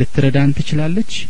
ልትረዳን ትችላለች